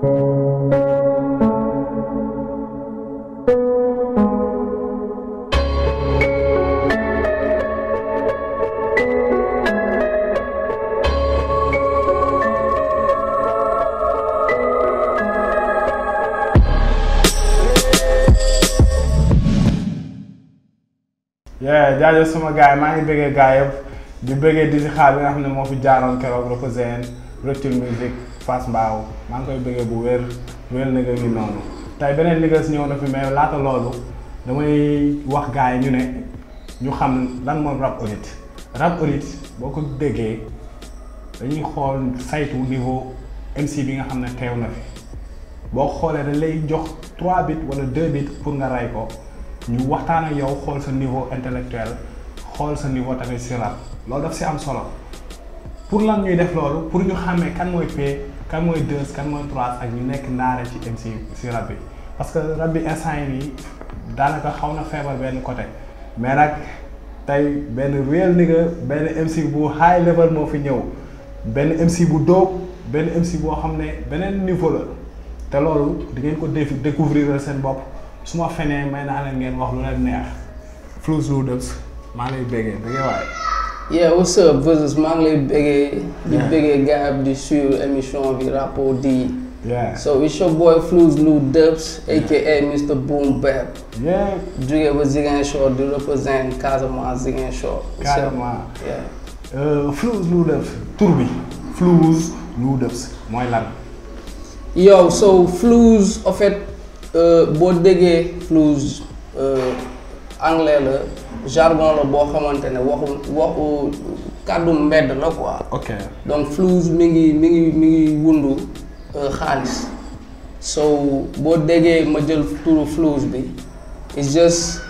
jaajëf já gars yi maa ngi bëggee gars yëpp di bëggee di si xaar bi nga xam ne moo fi jaaroon keroog Rokoseen Retour Music Fass Mbaaw maa ngi koy bëggee bu wér wér na nga ngi noonu tey beneen liggéey si ñëw na fi mais laata loolu damay wax gars yi ñu ne ñu xam lan moom rab audit rab audit boo ko déggee dañuy xool saytu niveau MC bi nga xam ne teew na fi boo xoolee da lay jox trois bits wala deux bits pour nga rey ko ñu waxtaan a yow xool sa niveau intellectuel xool sa niveau tamit si rab loolu daf si am solo pour lan ñuy def loolu pour ñu xàmmee kan mooy P kan mooy deux kan mooy trois ak ñu nekk naare ci MC si rab bi parce que rab bi instant yi daanaka xaw na feebar benn côté mais nag tey benn real nigga benn MC bu high level moo fi ñëw benn MC bu doog benn MC boo xam ne beneen niveau la te loolu di ngeen ko défi découvrir seen bopp su ma fenee may naa leen ngeen wax lu leen neex Flos Noodles maa lay béggee béggee waaye yeah what's up Veuzus maa ngi lay bëggee. di di suivre émission bi rapo di. yeah so it's your boy Flooz Lou Dubs. aka Mr Boom Bap. yeah jóge ba Ziguinchor di représente Casamance Ziguinchor. Casamance yeah. Uh, Flooz Lou Dubs tur bi Flooz Lou Dubs mooy lan. yow so Flooz en fait euh, boo déggee Flooz. anglais la jargon la boo xamante ne waxu waxu kàddu mbedd la quoi. ok donc flouze mi ngi mi ngi mi ngi wundu euh, xaalis so boo déggee ma jël turu flouze bi it's just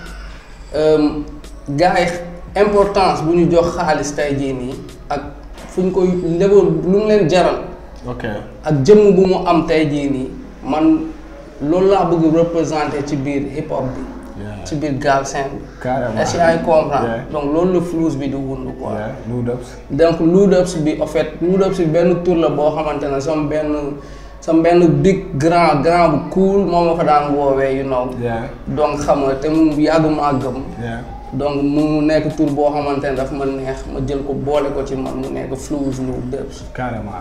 um yi importance bu ñu jox xaalis tey jii nii ak fu ñu koy lebal lu mu leen jaral. ok ak jëmm bu mu am tey jii nii man loolu laa bëgg représenter ci biir hip hop bi. ci biir Galsen carrément est-ce que donc loolu la bi di wund quoi donc Loodups bi en fait Loodups bi benn tur la boo xamante ne sama benn sama benn big grand grand bu cool moom ma ko daan woowee you know donc xam nga te mu yàgg maa gëm donc mu nekk tur boo xamante ne dafa ma neex ma jël ko boole ko ci man mu nekk Flouze Lô Debs. carrément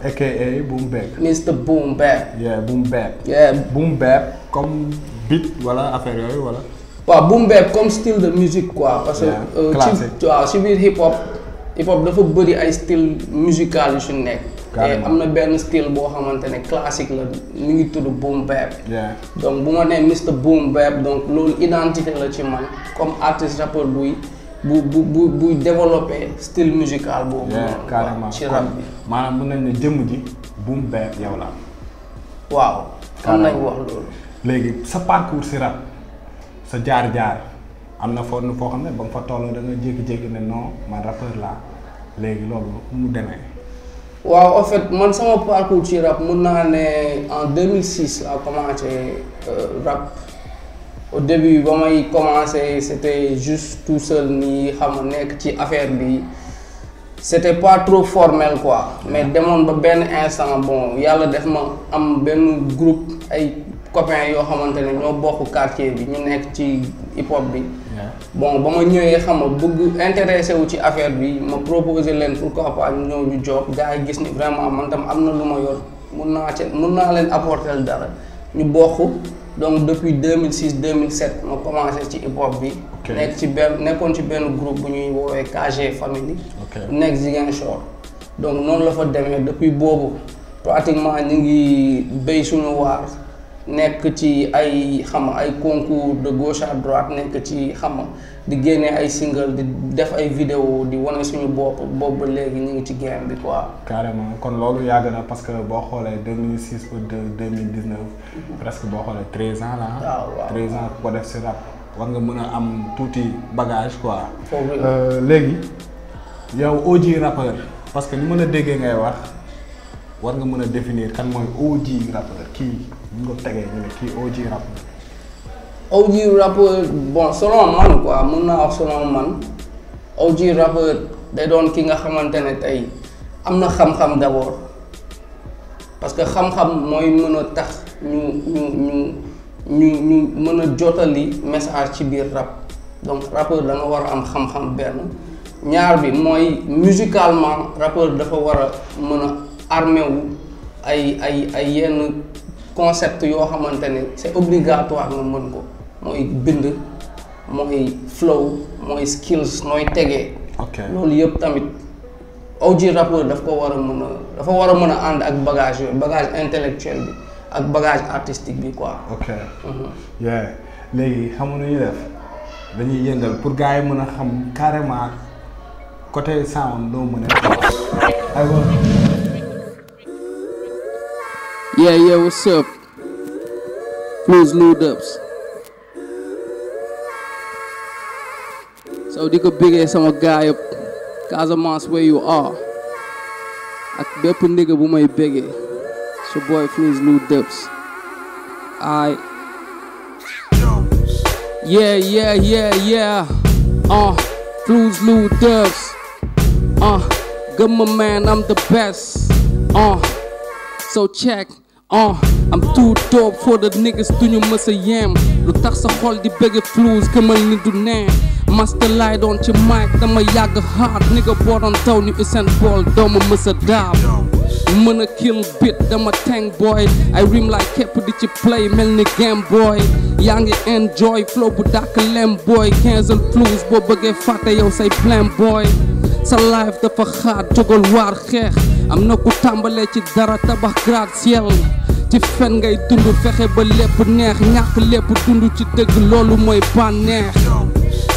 bu mu Boom Bap. Mr Boom Bap. yeah Boom Bap. yeah Boom Bap comme beat wala affaire yooyu wala. waaw Boom Bap comme style de musique quoi. parce que euh, ci waaw si biir hip hop. hip hop dafa bëri ay style musical yu si nekk. carrément am na benn style boo xamante ne classique la mi ngi tudd boom bap. donc bu ma nee Mr boom bap donc loolu identité la ci man comme artiste rappeur buy bu bu bu buy développé style musical boobu. carrément ci rap bi. maanaam mën nañ ne jëmm ji boom bap yow la waaw am loolu. léegi sa parcours si rap sa jaar-jaar am na foo foo xam ne ba nga fa tolloo da nga jékki-jékki ne non man rappeur laa léegi loolu mu demee. waaw en fait man sama parcours ci rap mun en 2006 j'ai commencé euh, rap au début quand j'ai commencé c'était juste tout seul ni xam qui ci affaire bi c'était pas trop formel quoi mais demoon ba ben instant bon a def ma am benn groupe ay copains yoo xamante ne ñoo quartier bi ñu nekk ci hip hop bi bon bon ñëwé ñëwee xam bëgg intéressé wu ci affaire bi ma proposé leen pourquoi pas ñëw ñu job gaay gis ni vraiment man tam amna luma yor mën na ci mën na leen apporter dara ñu bokk donc depuis 2006 2007 ma commencé ci hip hop bi. nekk ci ben nekkoon ci ben groupe bu ñuy woowee KG Family. nekk Ziguinchor. donc non la fa demee depuis boobu pratiquement ñu ngi béy suñu waar. nekk ci ay xam ay concours de gauche à droite nekk ci xam di génne ay single di def ay vidéo di wane suñu bopp bopp ba léegi ñu ngi ci game bi quoi. carrément kon loolu yàgg na parce que boo xoolee 2006 ba 2019 presque boo xoolee 13 ans la ah. waaw 13 ans ko def si rap war nga mën a am tuuti bagage quoi. Euh, léegi yow OG rappeur parce que ni mën a déggee ngay wax war nga mën a définir kan mooy OG rappeur kii. ñu ko tegee ñu ne kii OG rap. OG rappeur bon selon man quoi mun naa wax man OG rappeur day doon ki nga xamante ne tey am na xam-xam d'abord parce que xam-xam mooy mën a tax ñu ñu ñu ñu ñu mën a jotali message ci biir rap donc rappeur da war a am xam-xam benn ñaar bi mooy musicalement rappeur dafa war a mën a armé ay ay ay yenn. concept yoo xamante ne c'est obligatoire nga mën ko mooy bind mooy flow mooy skills nooy tegee loolu yëpp tamit OG rappeur daf ko war a mën a dafa war a mën a ànd ak bagage yooyu bagage intellectuel bi ak bagage artistique bi ko ok mhm. yeah léegi xamuñu ñu def dañuy yëngal pour gars yi mën a xam carrément côté sound loo mën a Yeah, yeah, what's up? Fluids lewd Dubs? So a big ass my guy up Casamance where you are. A bépp nigga bu my biggie. It's your boy Fluids lewd Dubs. I Yeah, yeah, yeah, yeah. Uh, Fluids lewd Dubs. Uh, good my man, I'm the best. Uh, so check. Ah, i am too dope for the niggas duñu mës a yem The tax sa xol the bëgge fluus gëmal ni du neen master laay on your mic a yaga hard nigga boo doon taw ni Usain Bolt dooma mës a daab mën a kill bit dama tank boy I rim like képp di you play mel ni game boy yaa enjoy flow but dàkk lem boy Cancel fluus but bëggee fàtte yow say plan boy sa life dafa xaat jógal waar xeex am na ku tàmbalee ci dara tabax gratte ciel ci fen ngay dund fexe ba lépp neex ñàkk lépp dund ci dëgg loolu mooy bànneex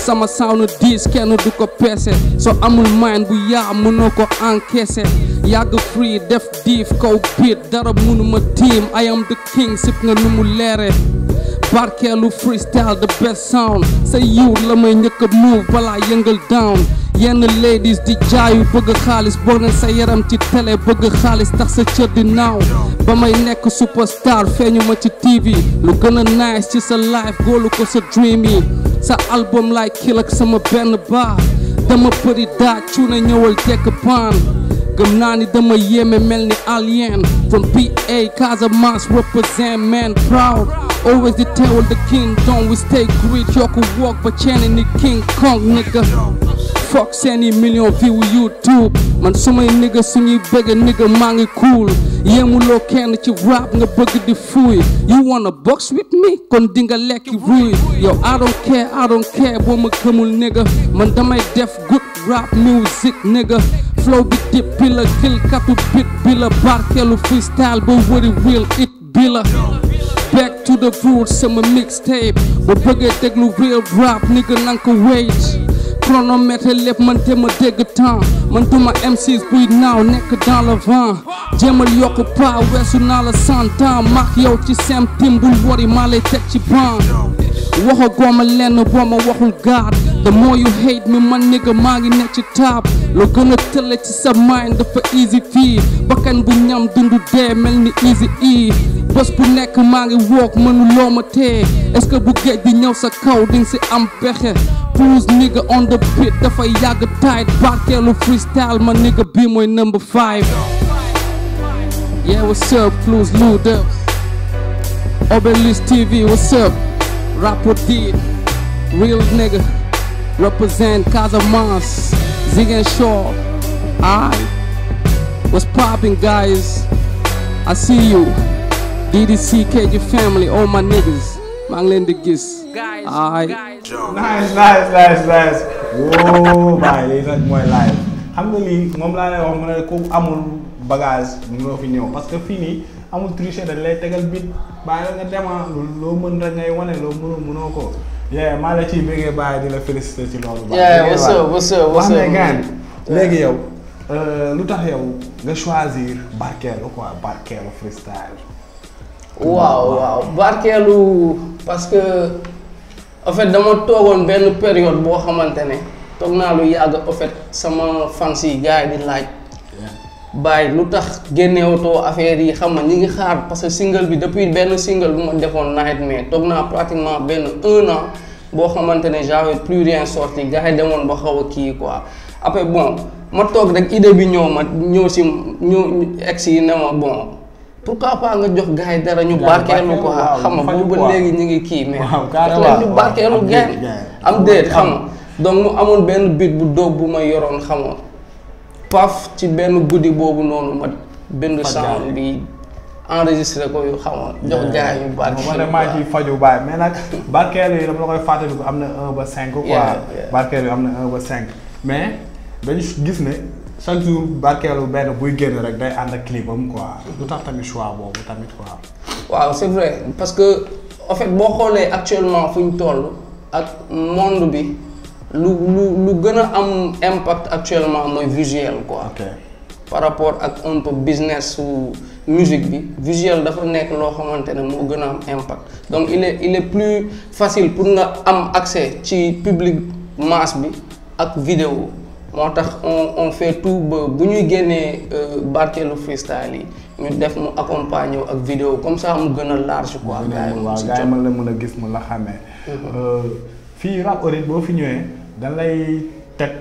sama sound diis kenn du ko peese soo amul mind bu yaa mënoo ko encaisser yàgg free def diif kaw biit dara mënuma tiim I am the king sip nga nu mu leere barkeelu freestyle the best sound sa yiw la may njëkk a move balaa yëngal down yenn ladies di jaayu bëgg xaalis bor nga sa yaram ci télé bëgg xaalis tax sa cër di naaw ba may nekk superstar feeñu ma ci TV lu gën nice ci sa life góolu ko sa dream Sa album like kilak sama band ba Dama bëri daaj cu ne ñëwal tekk paan gëm naa ni dama yéeme mel ni alien From PA Casamance represent man proud Always the tale of the kingdom we stay great Yokku walk but chanting the King Kong nigga Fuck any million view YouTube man so many niggas nigga suñuy bëgg nigga man, ngi cool yéemuloo that you rap nga bëgg the fool. you wanna box with me kon di nga you ruuy Yo, I don't care I don't care boo ma on, nigga man my def good rap music nigga flow be dip bi kill, gil katu bit bi bark, barkeelu freestyle what it will it bi back to the roots sama mixtape ba bëggee déglu real rap nigga nanga ko chronomètre lépp man te ma dégg temps ma duma M6 buy naaw nekk dans le vent jéemal yokk pas weesu naa la cent ans maak yow ci sem timbul wari maa lay teg ci ban waxa gooma lenn boo waxul gaar the more you hate me man nigga maa ngi nekk ci taab loo gën a tële ci sa mind dafa easy fii bakkan bu ñam dundu dee mel ni easy e bés bu nekk maa ngi woog mënu loo ma tee est-ce que bu géej di ñëw sa kaw dinga si am pexe puus nigga on the beat dafa yàgg tight barkeelu freestyle ma nigga bi mooy number five yeah what's up Flouze Lou Obelis TV what's up Rapper real nigga. Represent Casamance, Zig and Shaw. I was popping, guys. I see you. DDC, KG family, all my niggas. Manglen the Gis. Guys, I. Guys. Nice, nice, nice, nice. Whoa, bye, lii nag mooy live. xam nga lii moom laa lay wax mu ne ku amul bagage mënoo fi ñëw parce que fii amul tricher dañ lay tegal bit bàyyi la nga ah, loo mën rek ngay wane loo mënul mënoo ko. yaa maa la bëggee bàyyi di la féliciter ci loolu. yaa wës léegi yow euh, lu tax yow nga choisir barkeelu waaw waaw barkeelu parce que fait dama toogoon benn période boo xamante ne toog naa lu yàgg en sama fans yi gars di laaj. bàyyi lu tax génnewatoo affaire yi xam nga ñi ngi xaar parce que single bi depuis benn single bu ma defoon nawet mais toog naa pratiquement benn un an boo xamante ne j'avais plus rien sorti gars demoon ba xaw a kii quoi après bon ma toog rek idée bi ñëw ma ñëw si ñëw ex si ne ma bon pourquoi pas nga jox gars yi dara ñu barkeelu quoi xam nga boobu ba léegi ñu ngi kii mais daf leen ñu barkeelu gain am déet xam nga donc mu amoon benn bit bu dóob bu ma yoroon xam nga paf ci benn guddi boobu noonu ma benn sound bi enregistré ko yu xam nga jox gars yu baax man de maa ciy faju baay mais nag barkeel yi dama la koy fàttali ko am na un ba cinq quoi barkeel yi am na un ba cinq mais dañu gis ne chaque jour barkeelu benn buy génn rek day ànd ak clipam quoi lu tax tamit choix boobu tamit quoi waaw c'est vrai parce que en fait boo xoolee actuellement fu ñu toll ak monde bi lu lu lu gën am impact actuellement moy visuel quoi. par rapport ak un peu business ou musique bi visuel dafa nekk loo xamantene ne moo gën am impact donc il est il est plus facile pour nga am accès ci public masse bi ak vidéo moo tax on on fait tout ba bu ñuy génnee euh, barkeelu freestyle yi ñu def mu accompagner ak vidéo comme ça mu gën a large quoi. gars yi waaw gars yi mën la mën a gis mu la xàmmee. Mm-hmm. Euh, fii rap boo fi ñëwee. dañ lay teg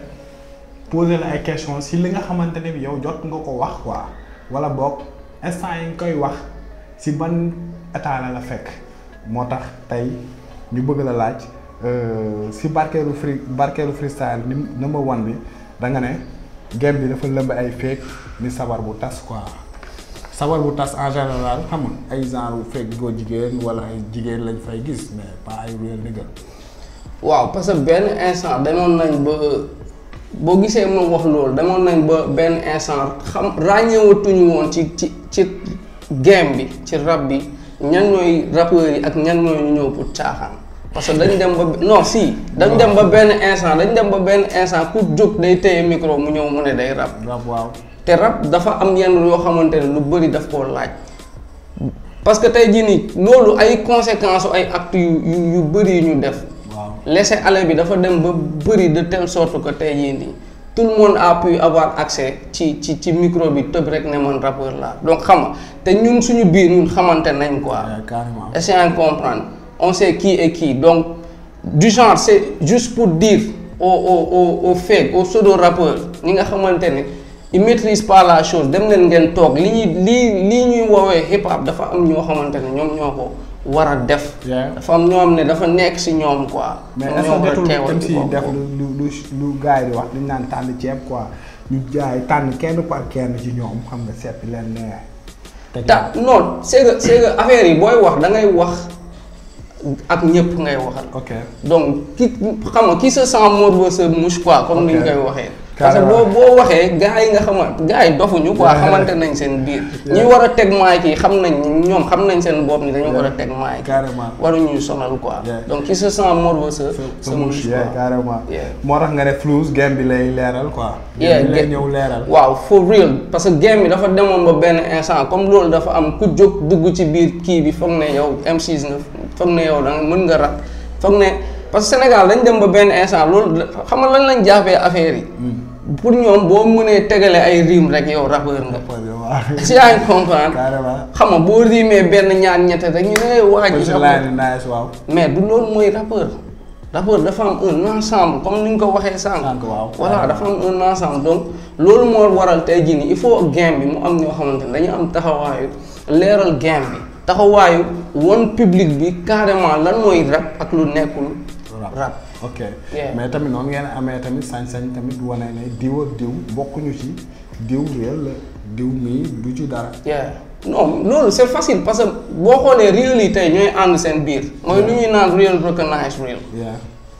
poser la ay question si li nga xamante ne bi yow jot nga wax quoi wala boog instant yi nga koy wax si ban état la fekk moo tax tey ñu bëgg la laaj euh, si barkeelu free barkeelu freestyle ni da nga ne game bi dafa lëmb ay feeg ni sabar bu tas quoi sabar bu tas en général xam ay genre feeg góor jigéen wala ay jigéen lañ fay gis mais pas ay réel nigga waaw parce que benn instant demoon nañ ba boo gisee ma wax loolu demoon nañ ba benn instant xam ràññewatuñu woon ci ci ci game bi ci rap bi ñan ñooy rappeurs yi ak ñan ñooy ñëw pour caaxaan parce que dañ dem ba non si dañ dem ba benn instant dañ dem ba benn instant ku jóg day téye micro mu ñëw mu ne day rap rap waaw te rap dafa am yenn yoo xamante ne lu bëri daf koo laaj parce que tey jii nii loolu ay conséquences ay actes yu yu bëri yu ñu def laisser aller bi dafa dem ba bëri de telle sorte que tey jii nii tout le a pu avoir accès ci ci ci micro bi tëb rek ne man rappeur la donc xam te ñun suñu biir ñun xamante nañ quoi. carrément essayant de comprendre on sait qui est qui donc du genre c'est juste pour dire au aux aux aux fake aux pseudo ñi nga xamante ne. ils maîtrisent la chose dem leen ngeen toog li ñuy lii lii ñuy woowee hip hop dafa am ñoo xamante ne ñoom ñoo ko war a def. dafa am ñoom ne dafa nekk si ñoom quoi. ñoom ñoo teewal si def lu lu yi wax dañu naan tànn ceeb quoi ñu jaay tànn kenn par kenn ci ñoom xam nga seet leen ne. ta non c'est que c'est yi booy wax da ngay wax. ak ñëpp ngay waxal. ok donc ki xam nga qui se sent mordre se mouche comme ni ñu koy waxee. parce que boo boo waxee gars yi nga xamante gars dofu ñu ko xamante nañ seen biir ñi war a teg maay kii xam nañ ñoom xam nañ seen bopp ni dañu war a teg maay carrément waruñuy sonal ko donc ci se sent morveux se mouche carrément moo tax nga ne flouze game bi lay leeral quoi lay ñëw leeral waaw for parce que game bi dafa demoon ba benn instant comme loolu dafa am ku dugg ci biir kii bi foog ne yow M69 foog ne yow da nga mën nga rap foog ne parce que Sénégal dañ dem ba benn instant loolu xam nga lan lañ jàppee affaire yi. Hmm. pour ñoom boo mënee tegalee ay rime rek yow rappeur nga. si yaa ngi xam nga boo riimee benn ñaan ñett rek ñu ne waaj. mais du loolu mooy rappeur. rappeur dafa am un ensemble comme ni nga ko waxee sànq. voilà dafa am un ensemble donc loolu moo waral tey jii nii il faut game bi mu am ñoo xamante ne dañu am taxawaayu leeral game bi taxawaayu won public bi carrément lan mooy rap ak lu nekkul. rap rap ok mais tamit noonu ngeen amee tamit sañ-sañ tamit wane ne diw ak diw bokkuñu ci diw réel la diw mii du ci dara non loolu c'est facile parce que boo xoolee réel yi tey ñooy ànd seen biir mooy lu ñuy naan réel recognize réel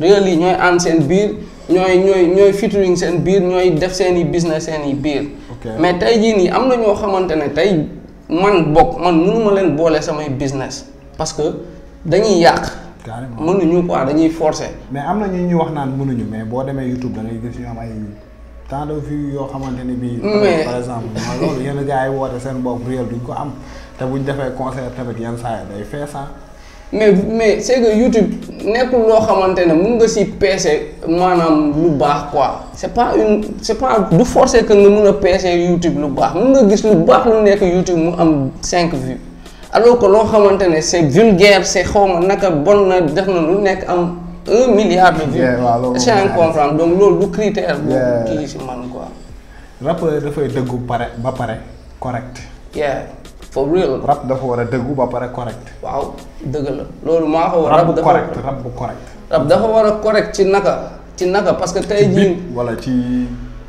réel yi ñooy ànd seen biir ñooy ñooy ñooy featuring seen biir ñooy def seen i business seen i biir mais tey jii nii am na ñoo xamante ne tey man bokk man mënuma leen boole samay business parce que dañuy yàq carrément mënuñu quoi dañuy forcer. mais am na ñu ñu wax naan mënuñu mais boo demee YouTube da ngay gis ñu am ay temps de vue yoo xamante ne bii. par exemple gars yi woote seen bopp réel duñ ko am te buñ defee concert tamit yenn saa yi day fees ah. mais mais c'est que YouTube nekkul loo xamante ne mun nga si peese maanaam lu baax quoi c'est pas une c'est pas du forcer que nga mun a peese YouTube lu baax mun nga gis lu baax lu nekk YouTube mu am cinq vues. alors que loo xamante ne c'est vulgaire c'est ma naka bon na def na lu nekk am un milliard de vues. c'est comprendre donc loolu du critère. bu kii si man quoi. rappeur dafay dëggu pare ba pare correct. yeah for real. rap dafa war a dëggu ba pare correct. waaw dëgg la loolu maa ko. rap bu correct rap bu correct. dafa war a correct ci naka ci naka parce que tey jii. wala ci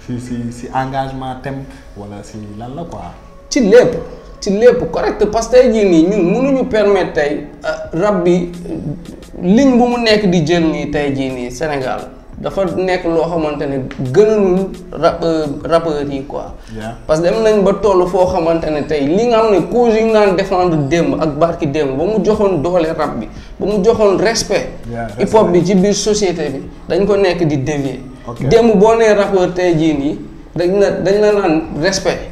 si si si engagement thème wala si lan la quoi. ci lépp. ci lépp correct parce que tey jii nii ñun mënuñu permettre tey euh, rab bi euh, ligne bu mu nekk di jël nii tey jii nii Sénégal dafa nekk loo xamante ne gënalul rab euh, rappeurs yi quoi. parce que dem nañ ba toll foo xamante ne tey li nga xam ne cause yu ñu naan défendre démb ak barki démb ba mu joxoon doole rab bi ba mu joxoon respe hip bi ci biir société bi dañ ko nekk di dévier. démb boo nee rappeur tey jii nii dañ la dañ la naan respe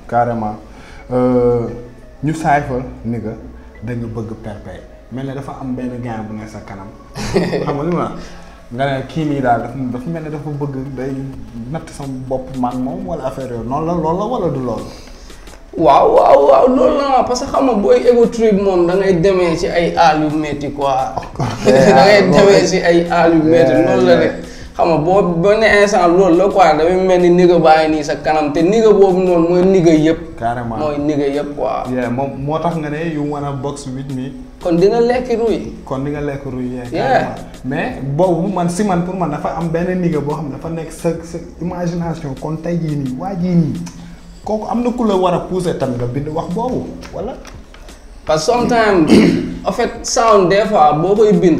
carrément euh, ñu saay fa ni nga bëgg perpétuer mel ne dafa am benn gain bu ne sa kanam xam nga li nga ne kii nii daal dafa dafa mel ni dafa bëgg day natt sama bopp man moom wala affaire yooyu noonu la loolu la wala du loolu. waaw waaw waaw loolu la parce que xam na booy ego trip moom da demee si ay aal yu métti quoi. da demee ci ay aal yu métti ah, noonu la de. xam nga boo ba ne instant loolu la quoi dafay mel ni niga bàyyi nii sa kanam te niga boobu noonu mooy niga yëpp. carrément mooy niga yëpp quoi. moom moo tax nga ne you wanna box with me. kon di nga lekk ruy. kon di nga lekk ruy. carrément mais boobu man si man pour man dafa am benn niga boo xam ne dafa nekk sa sa imagination kon tey jii nii waa jii nii kooku am na ku la war a pousser tam nga bind wax boobu wala. parce que sometimes en fait sound des fois boo koy bind.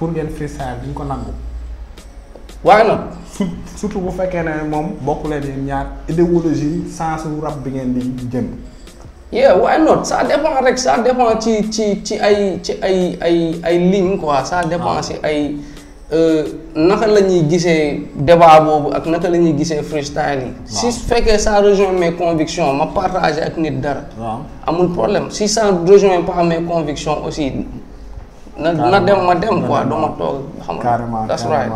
pour ngeen freestyle duñ ko nangu. waaye nag surtout bu fekkee ne moom bokk leen yéen ñaar idéologie sens su rab bi ngeen di jëm. yeah why not ça dépend rek ça dépend ci ci ci ay ci ay ay ay ligne quoi ça dépend si ah. ay euh, naka la ñuy gisee débat boobu ak naka la ñuy gisee freestyle yi. si fekkee ça rejoint mes convictions ma partager ak nit dara. amul problème si ça rejoint pas mes convictions aussi. na na dem ma dem quoi du ma toog xam nga. carrément that's right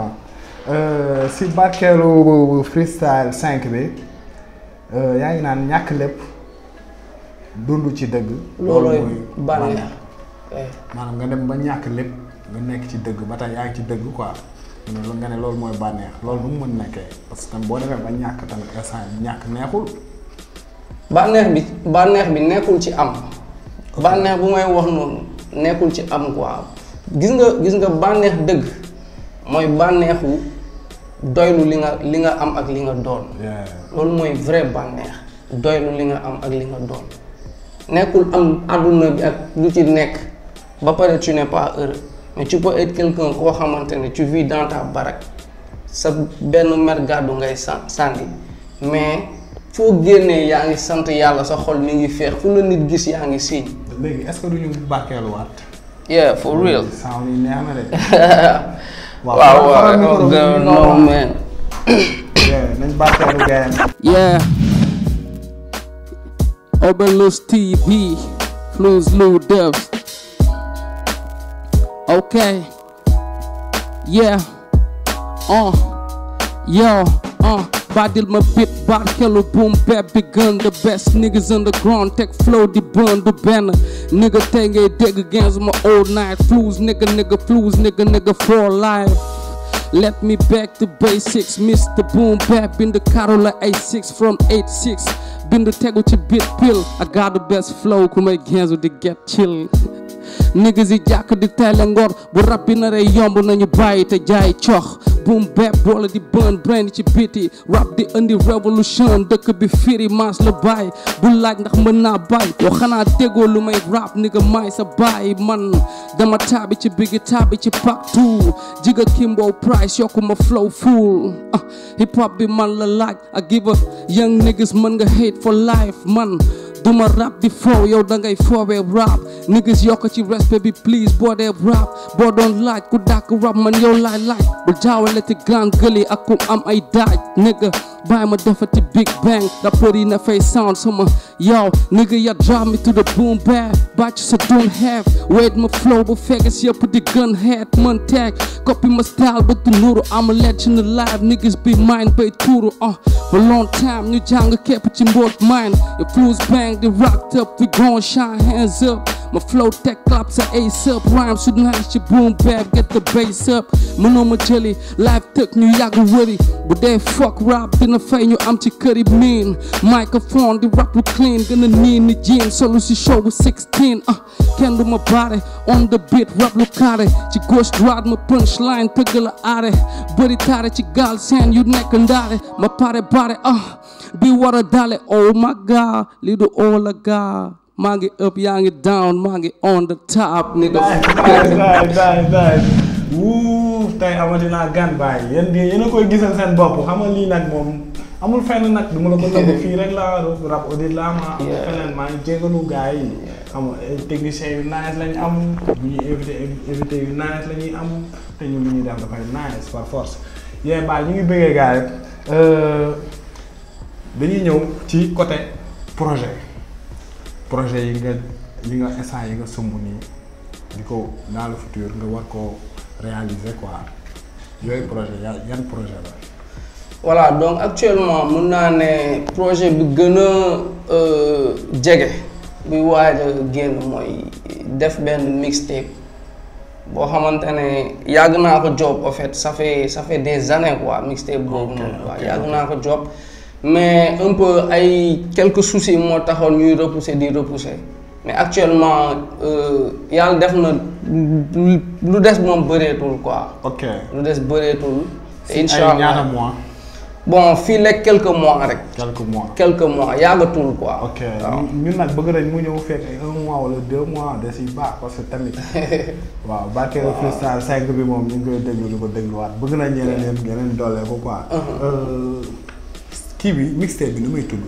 euh, si barkeelu freestyle 5 bi euh, yaa ngi naan ñàkk lépp dund ci dëgg. loolooy bànneex eh. maanaam nga dem ba ñàkk lépp nga nekk ci dëgg ba tey yaa ngi ci dëgg quoi. nga ne loolu mooy bànneex loolu nu mu mën nekkee parce que boo demee ba ñàkk tamit instant bi ñàkk neexul. bànneex bi bànneex bi nekkul ci am. bànneex bu may wax noonu. nekkul ci am quoi gis nga gis nga bànneex dëgg mooy bànneexu doylu li nga li nga am ak li nga doon loolu mooy vrai bànneex doylu li nga am ak li nga doon nekkul am àdduna bi ak lu ci nekk ba pare tu n'es pas heureux mais tu peux être quelqu'un koo xamante ne tu vis dans ta baraque sa benn mer gàddu ngay sànni mais foo génnee yaa ngi sant yàlla sa xol mi ngi feex fu la nit gis yaa ngi siiñ est est-ce que duñu barkeeluwaat. yeah for real. sound wow, neex na de. waaw waaw non mais. nañ barkeelu gaayam. yeah. lose TV. Fluence Lou Dubs. okay. yeah. oh. yo. oh my beat, bit Hello, boom bap begun. the best niggas in the ground teg flow The bën du benn nigga tey ngay dégg gens My old night flues nigga nigga flues nigga nigga for life let me back to basics Mr Boom Bap the Karola A6 from 86 tag with ci bit pill I got the best flow Come may gensu di get chill niggas yi jàkk di teel a But bu rab bi naree yomb nañu bàyyi te jay cox Boom bap, rollen die bun, brandetje bitty. Rap the end the revolution, could be fitty, maas labai. like nach me nabai. Yo gana tego lu my rap, nigga my sabai. Man, dan ma big biggie tabitje, pack toe. Jigga Kimbo Price, yo kuma flow full. Uh, ah, hip hop be man la like. I give a young niggas man hate for life, man. Do my rap di foow yow da ngay foowee rap niggas yokk ci respect baby. please boo dee rap don't like, could ku could rap man yow laaj laaj let jaawale te grand I come, i am a daaj nigga bàyyi ma the big bang rapport in na face sound sama yo, nigga ya drive me to the boom bag but you don't have wait my flow bu fekkas put the gun head man tag copy my style ba du i am a legend alive niggas be mine Pay tuuru uh. For a long time, New Jungle kept it in both mind. The fools bang, they rocked up, we gon' shine hands up. My flow tech claps at ace up. Rhyme should je boom bap, get the bass up. My noem Jelly, live took New York ready. But they fuck rap, in I'm je cut curry mean. Microphone, the rap look clean, gonna need the So Solution show with 16, uh, candle my body. On the beat, rap look at it. ghost ride, my punchline, puggela are. Buddy tare, je gal hand you neck and dare. My party body, uh, be what a dolly, oh my god, little all a god maa ngi up yaa ngi down maa ngi on the top nigga. Bye, bye, bye, wuu tey amati naa gan baay yéen yéen a koy gisal seen bopp xam nga lii nag moom amul fenn nak du ma ko nëbb fii rek laa rap audit laa ma am feneen maa ngi jégalu gars yi xam nga eh, technicien yu nice lañ am bu ñuy invité invité yu nice la ñuy am te ñun li ñuy def nice par force yéen baay ñu ngi bëggee gars yi euh, dañuy ñëw ci côté projet projet yi nga yi nga instant yi nga sumb nii di ko dans le futur nga war koo réaliser quoi yooyu projet yan projet la. voilà donc actuellement mun naa ne projet bi gën a euh, jege buy waaj a génn mooy def benn mixtape boo xamante ne yàgg naa ko job en fait ça fait ça fait des années quoi mixtape boobu noonu. waaw yàgg naa ko job. mais un peu ay quelques soucis mo taxone ñuy repousser di repousser mais actuellement euh yalla def na lu dess mom beuretul quoi. ok lu dess beuretul inshallah allah mois. bon fii lekk quelques mois rek. quelques mois quelques mois yàggatul quoi. ok ñun nag bëgg nañ mu ñëw fekk ay un mois wala deux mois da ci ba parce que tamit. waaw Bakel Freestyle 5 bi mom ñu ngi koy déglu di ko waat bëgg nañ ñeneen ñeneen dolé ko quoi. Uh-huh. euh kii bi mixtape bi nu muy tudd.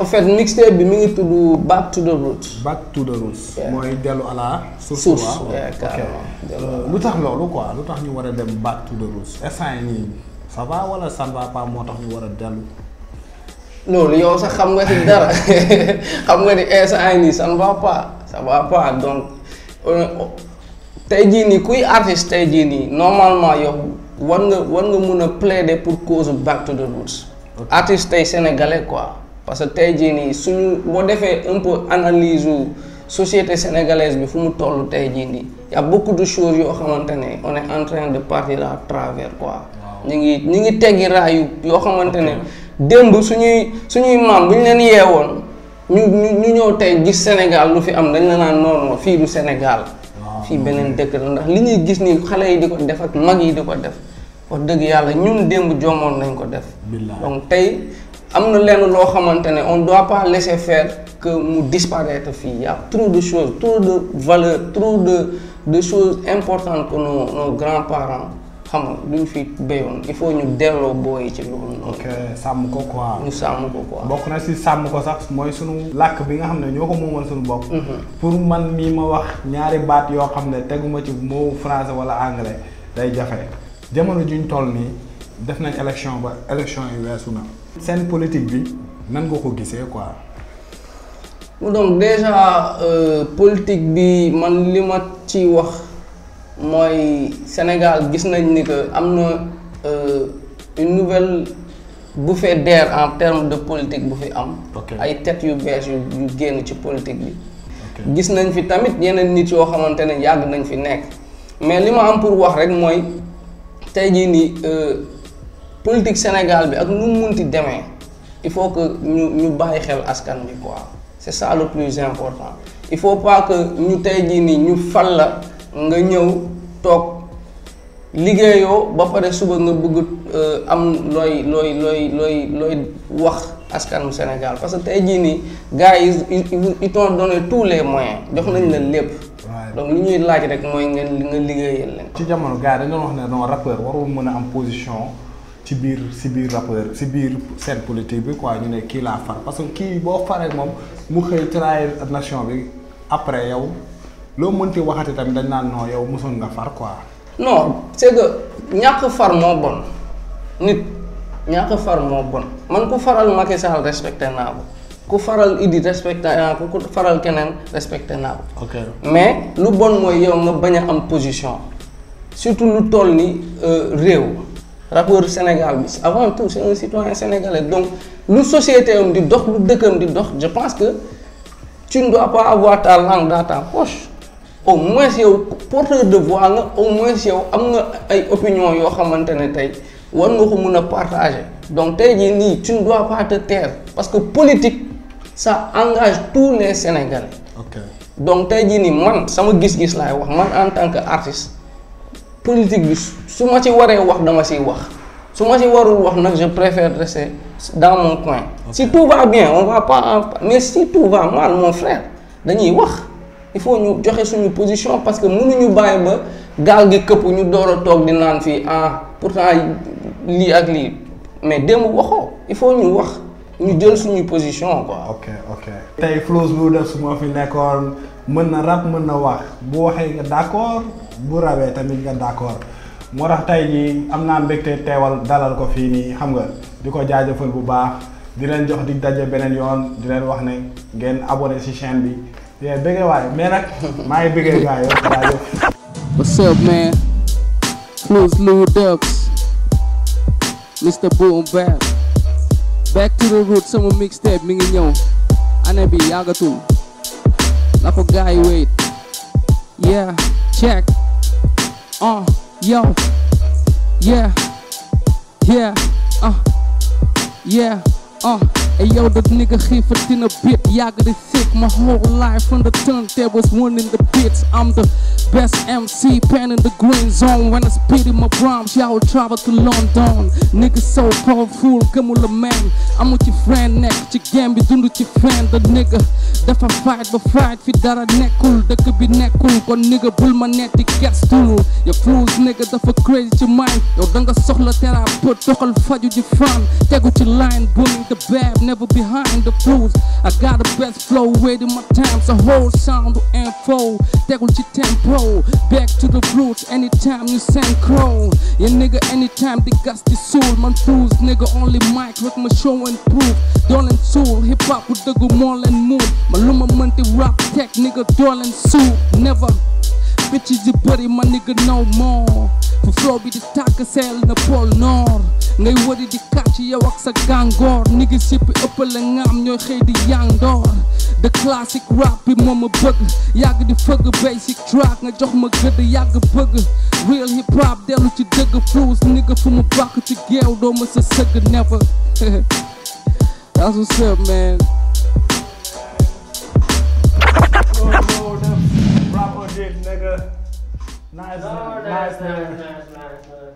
en fait mixtape bi mi ngi tudd back to the roots. back to the roots. mooy dellu ala la source. ok euh, lu tax loolu quoi lu tax ñu war a dem back to the roots instant yii nii ça va wala ça ne va pas moo tax ñu war a dellu. loolu yow sax xam nga ci dara xam nga ni instant yii nii ça ne va pas ça va pas donc tey jii nii kuy artiste tey jii nii normalement yow war nga war nga mun a plaider pour cause back to the roots. artistes tey sénégalais quoi parce que tey jii nii suñu boo defee un peu analyse société sénégalaise bi fu mu toll tey jii nii y a beaucoup yoo xamante ne on est en train de partir à travers quoi. ñu ngi ñi ngi teggi raayu yoo xamante ne démb suñuy suñuy maam bu ñu leen yeewoon ñu ñu ñëw tey gis Sénégal lu fi am dañ la naan noonu fii du Sénégal. fii beneen dëkk la ndax li ñuy gis nii xale yi di ko def ak mag yi di ko def. wax dëgg yàlla ñun démb joomoon nañ ko def. donc tey am na lenn loo xamante ne on doit par laisser faire que mu disparaître fii y a trop de choses trop de valeur trop de de choses importantes que nos nos grands-parents xam nga duñ fi il faut ñu delloo booy ci loolu. ok sàmm ko quoi. ñu sàmm ko quoi. bokk na si sàmm ko sax mooy sunu làkk bi nga xam ne ñoo ko moomal sunu bokk mhm. pour man mii ma wax ñaari baat yoo xam ne teguma ci mot français wala anglais day jafe. jamono juñ toll nii def nañ élection ba élection yu weesu na. seen politique bi nan nga ko gisee quoi. donc déjà euh, politique bi man li ma ci wax mooy Sénégal gis nañ ni que am na euh, une nouvelle bouffée d'air en terme de politique bu fi am. ay têtes yu bees yu yu génn ci politique bi. gis nañ fi tamit yeneen nit yoo xamante ne yàgg nañ fi nekk mais li ma am pour wax rek mooy. tey jii nii euh, politique Sénégal bi ak lu mu munti demee il faut que ñu ñu bàyyi xel askan bi koi c'est ça le plus important il faut pas que ñu tey jii nii ñu fal la nga ñëw toog liggéeyoo ba pare suba nga bëgg euh, am looy looy looy looy looy wax askanu Sénégal parce que tey jii nii gars yi ils t'ont donné tous les moyens jox nañ la lépp. donc li ñuy laaj rek mooy nga nga liggéeyal leen. ci jamono gars dañu wax ne non rappeur warul mën a am position ci biir si biir rappeur si biir seen politique bi quoi ñu ne kii laa far parce que kii boo faree moom mu xëy trahir nation bi après yow loo mënti waxati tamit dañ naan non yow mosoon nga far quoi. no c'est que ñàkk far moo bon nit ñàkk far moo bon man ko faral Macky Sall respecté naa ko. ku faral Idi respecté naa euh, ko ku faral keneen respecté naa mais lu bon moyen, yow nga bañ am position surtout lu toll ni euh, réew. Rapport Sénégal avant tout c'est un citoyen sénégalais donc lu société am dox lu dëkkam di dox je pense que tu ne dois pas avoir ta langue dans ta poche au moins yow porteur de voix au moins si am nga ay opinion yoo xamante ne tey war nga ko partager donc tu ne dois pas te taire parce que politique ça engage tous les Sénégalais. ok donc tey dit nii man sama gis-gis laay wax man en tant qu'artiste... artiste politique bi su ma ci waree wax dama ci wax su ma ci warul wax je préfère rester dans mon coin. si tout va bien on va pas mais si tout va mal mon frère dañuy wax il faut nous joxe suñu position parce que nous bàyyi ba gaal gi këpp ñu door a di naan fii ah pourtant lii ak lii mais démb waxoo il faut ñu wax. ñu jël suñu position quoi. ok ok tey Flooz lu def su ma fi nekkoon mën na rap mën na wax bu waxee nga d'accord bu rabee tamit nga d'accord moo tax tey jii am naa mbégte teewal dalal ko fii nii xam nga di ko jaajëfal bu baax di leen jox di daje beneen yoon di leen wax ne ngeen abonné si chaîne bi di leen bëggee waaye mais nag maa ngi bëggee gars yi jaajëf. What's up man? Flooz Lou Dubs, Back to the roots, some mixtape mi ngi ñëw année bi yàggatul na ko wait yeah check oh yo yeah yeah oh yeah oh Ayo, yo, nigga nigga here for dinner bit. Y'all got sick my whole life on the tongue. There was one in the pits. I'm the best MC, pen in the green zone. When I spit in my rhymes, y'all travel to London. Nigga so powerful, Gamula man. I'm with your friend next. can be doing with your friend. The nigga, that van fight, but fight. that a neck cool. That could be neck cool, but nigga pull my neck, ik get too. Your fools, nigga, that for crazy je mind. Yo, dan ga sochla therapie, toch al vat you, je fan. Tag your line, booming the bab never behind the fools. I got the best flow, waiting my time, so hold sound and unfold. That with your tempo, back to the roots anytime you send crow. Yeah, nigga, anytime they got the soul, My fools, nigga, only mic, with my show and proof. Dolan soul, hip hop with the good morning mood. My luma monte rock tech, nigga, Dolan soul, never. Bitches, your buddy, my nigga, no more. Flow di tàkk seel na pôle nord ngay wëri di kàcc yow ak sa gàngoor ni ngi sippi ëppale nga am ñooy xëy di the classic rap bi moom ma bëgg yàgg di fëgg basic track nga jox ma gëdd yàgg bëgg real hip hop dellu ci dëgg fools nigga from a bàkk ci get old, ma sa second never that's what's up man Rapper dick nigga Nice, nice, nice, nice, nice.